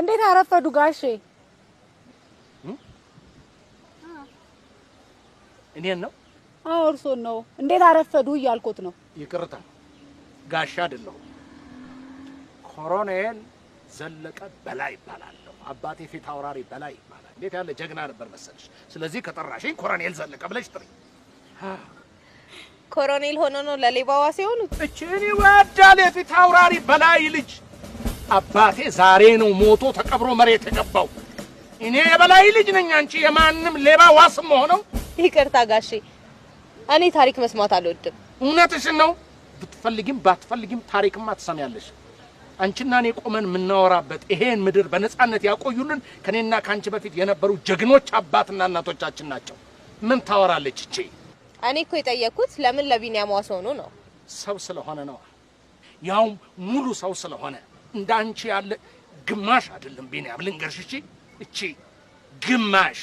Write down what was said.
እንዴት አረፈዱ ጋሼ? እኔን ነው? አዎ እርሶን ነው። እንዴት አረፈዱ እያልኩት ነው። ይቅርታ ጋሻ አይደለሁም። ኮሎኔል ዘለቀ በላይ ይባላለሁ። አባቴ ፊት አውራሪ በላይ ይባላል። እንዴት ያለ ጀግና ነበር መሰለሽ። ስለዚህ ከጠራሽኝ ኮሎኔል ዘለቀ ብለሽ ጥሪ። ኮሎኔል ሆኖ ነው ለሌባዋ ሲሆኑት። እቺ እኔ የፊት አውራሪ በላይ ልጅ አባቴ ዛሬ ነው ሞቶ ተቀብሮ መሬት የገባው። እኔ የበላይ ልጅ ነኝ። አንቺ የማንም ሌባ ዋስም ሆነው። ይቅርታ ጋሼ፣ እኔ ታሪክ መስማት አልወድም። እውነትሽን ነው። ብትፈልጊም ባትፈልጊም ታሪክማ ትሰሚያለሽ። አንቺና እኔ ቆመን የምናወራበት ይሄን ምድር በነጻነት ያቆዩልን ከኔና ከአንቺ በፊት የነበሩ ጀግኖች አባትና እናቶቻችን ናቸው። ምን ታወራለች እቺ? እኔ እኮ የጠየኩት ለምን ለቢኒያም ዋስ ሆኑ ነው። ሰው ስለሆነ ነው፣ ያውም ሙሉ ሰው ስለሆነ እንዳንቺ ያለ ግማሽ አይደለም ቢኒያም ልንገርሽ፣ እቺ ግማሽ